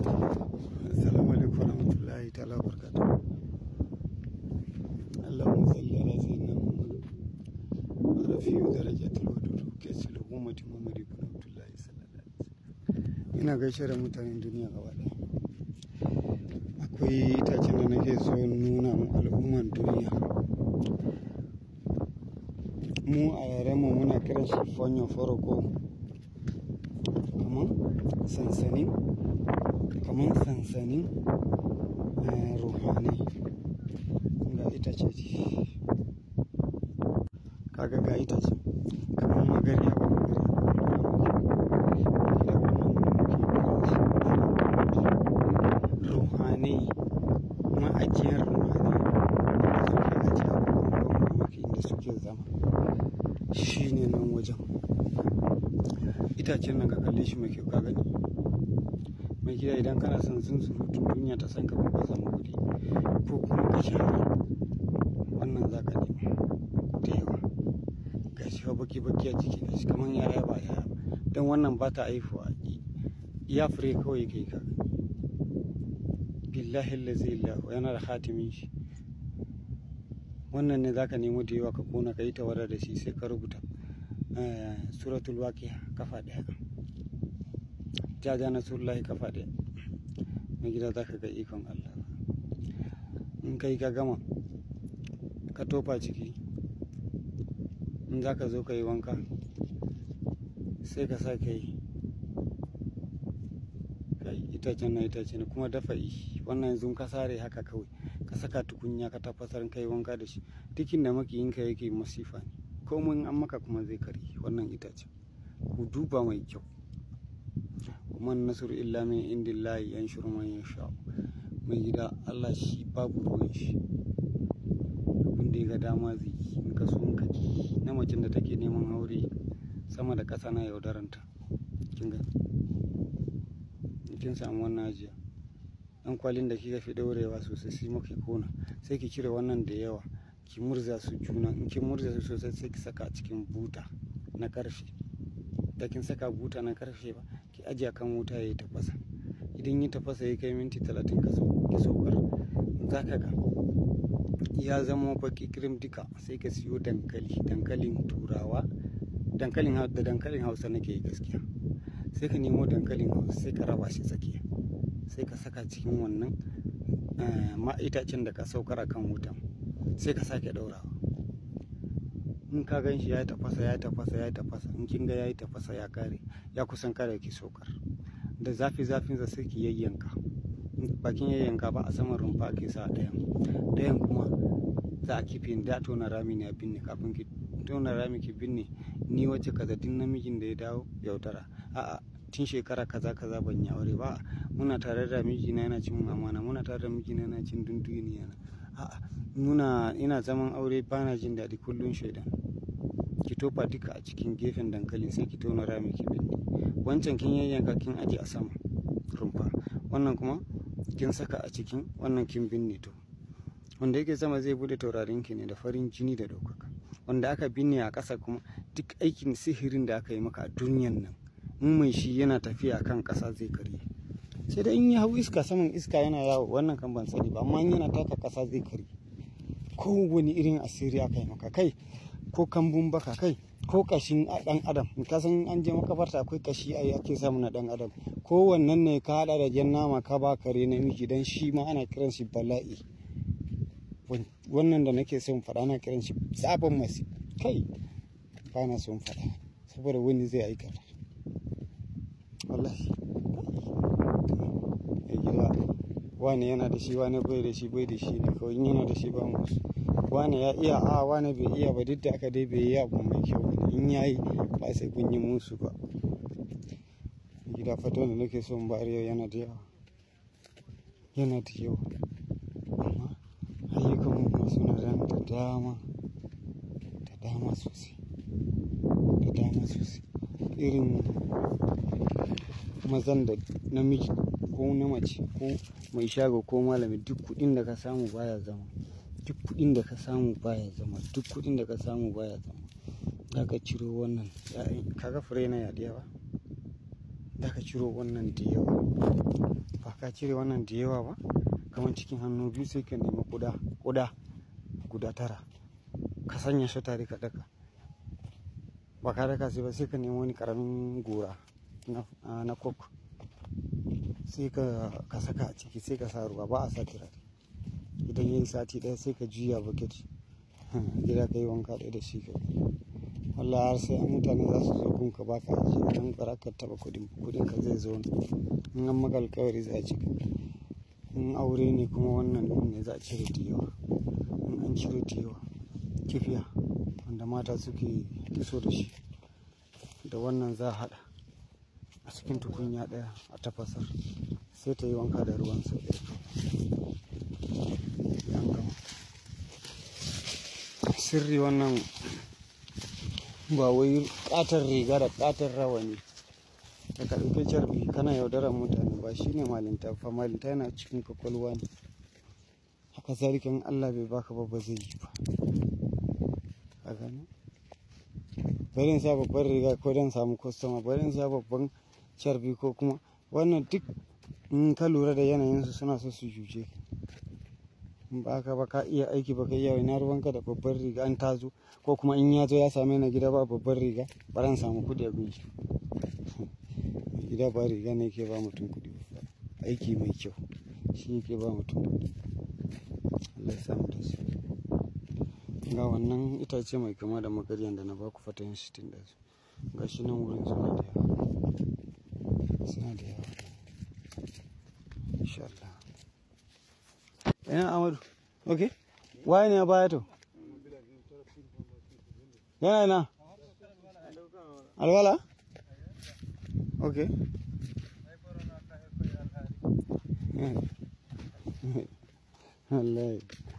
assalamu alaikum warahmatullahi ta'ala salli ala sayyidina Muhammad ummati Muhammad ibn Abdullah sallallahu alaihi wasallam ina gaishe da mutanen duniya gaba ɗaya akwai itacen da nake so nuna mu al'umman duniya mu a yarenmu muna kiran shi fanyon farko sansanin kamar sansanin ruhanai ga itace kaga ga itace kamar magariya ba ruhani ma'ajiyar ruhanai suke ajiya mamaki da suke zama shi ne nan wajen itacen nan ga kalle shi mai kyau ka gani mai gida idan kana son sun surutu duniya ta san ka ka samu kuɗi ko kuma ka sha wannan za ka nemi da yawa ga shi fa baki baki a ciki ga shi kamar yaya ba yaya don wannan ba ta haifuwa ya fure kawai kai ka billahi lazi illahu yana da hatimin shi wannan ne zaka nemo da yawa ka kona ka yi tawara da shi sai ka rubuta eh, suratul waqi'a kafa daya jaja na sullahi kafa ɗaya mai gida za ka ga ikon allah in kai ka gama ka tofa ciki in za ka zo ka yi wanka sai ka sa ka yi itacen na itace ne kuma dafa yi wannan yanzu ka sare haka kawai ka saka tukunya ka tafasar kai wanka da shi dukkan da makiyinka yake masifa ne komai an maka kuma zai kare wannan itacen ku duba mai kyau kuma nasiru illa min indillahi yanshuru man yasha mai gida Allah shi babu ruwan shi abin da ya ga dama zai in ka so ka ji na macin da take neman aure sama da ƙasa na yaudaranta kin ga kin samu wannan ajiya dan kwalin da kika fi daurewa sosai sai muke kona sai ki cire wannan da yawa ki murza su juna in kin murza su sosai sai ki saka a cikin buta na karfe da kin saka buta na karfe ba ki ajiye kan wuta ya yi tafasa idan ya tafasa ya kai minti talatin ka saukar za ka ga ya zama baki kirim duka sai ka siyo dankali dankalin turawa dankalin da dankalin hausa nake yi gaskiya sai ka nemo dankalin hausa sai ka raba shi tsakiya sai ka saka cikin wannan eh, ma'aikacin da ka saukar a kan wutan sai ka sake ɗaurawa in ka gan shi ya tafasa ya tafasa ya tafasa in kin ga ya tafasa ya kare ya kusan kare ki sokar da zafi zafin sa sai ki yayyanka bakin yayyanka ba a saman rumfa ke sa ɗayan ɗayan kuma za a kife da tona rami ne a binne kafin ki tona rami ki binne ni wacce kaza namijin da ya dawo yaudara a'a tun shekara kaza kaza ban yi aure ba muna tare da mijina yana cin amana muna tare da mijina yana cin dunduniya na nuna ina zaman aure bana jin daɗi kullum shaidan ki tofa duka a cikin gefen dankali sai ki tona rami ki wancan kin yayyanka kin aje a sama rumfa wannan kuma kin saka a cikin wannan kin binne to wanda yake sama zai bude taurarin ki ne da farin jini da ɗaukaka wanda aka binne a ƙasa kuma duk aikin sihirin da aka yi maka a duniyan nan in mai shi yana tafiya kan ƙasa zai karye sai da in ya hau iska saman iska yana yawo wannan kan ban sani ba amma in yana taka ƙasa zai karye kowane irin asiri aka yi maka kai ko kambun baka kai ko kashin dan adam ka san an je makabarta akwai kashi yi ake samu na dan adam ko wannan ne ka hada da jan nama ka ba kare miji? dan shi ma ana kiran shi bala'i wannan da nake son faɗa ana kiran shi sabon masu kai ba na son faɗa saboda wani zai aikata wallahi wane yana da shi wane bai da shi bai da shi ne kawai in yana da shi ba mu wane ya iya a wane bai iya ba duk da aka dai bai yi abu mai kyau ba in ya yi ba sai kun yi musu ba gida fata da nake son ba yau yana da yawa yana da yawa amma ayyukan mu suna ran da dama da dama sosai da dama sosai irin mazan da namiji ko na mace ko mai shago ko malami duk kudin da ka samu baya zama duk kudin da ka samu baya zama duk kudin da ka samu baya zama za ka ciro wannan kaga fure na yadda ba za ka ciro wannan da yawa ba ka cire wannan da yawa ba kamar cikin hannu biyu sai ka nemi kuda kuda guda tara ka sanya shi tare ka daka ba ka daka sai ba sai ka nemi wani karamin gora na kwakwa sai ka saka a ciki sai ka sa ruwa ba a sa turare idan yin sati ɗaya sai ka juya bucket gida ka yi wanka ɗaya da shi ka wallah har sai mutane za su zo gun ka baka ajiye don ba ka taɓa kuɗin kuɗin ka zai zo in an maka alkawari za a cika in aure ne kuma wannan ɗin ne za a cire diyawa in an cire kifiya wanda mata suke so da shi da wannan za a haɗa a cikin tukunya ɗaya a tafasar sai ta yi wanka da ruwan sau ɗaya sirri wannan ba wai ƙatar riga da ƙatar rawani da ka carbi kana yaudarar mutane ba shi ne malinta fa malinta yana cikin kwakwalwa ne haka zarikin allah bai baka ba ba zai yi ba a gano barin sa babban riga ko don samu kwastoma barin sa babban sharbi ko kuma wannan duk in ka lura da yanayinsu suna so su juce in ba ka ba ka iya aiki ba ka iya ina ruwanka da babbar riga an tazo ko kuma in ya zo ya same na gida ba babbar riga ba ran samu kudi a gunshi gida ba riga ne ke ba mutum kudi aiki mai kyau shi ke ba mutum kuɗi Allah ya samu da su ga wannan itace mai kama da magaryan da na baku shi tun da su ga shi nan wurin suna da yawa inshallah ina amaru okay Why ne baya to yana na alwala okay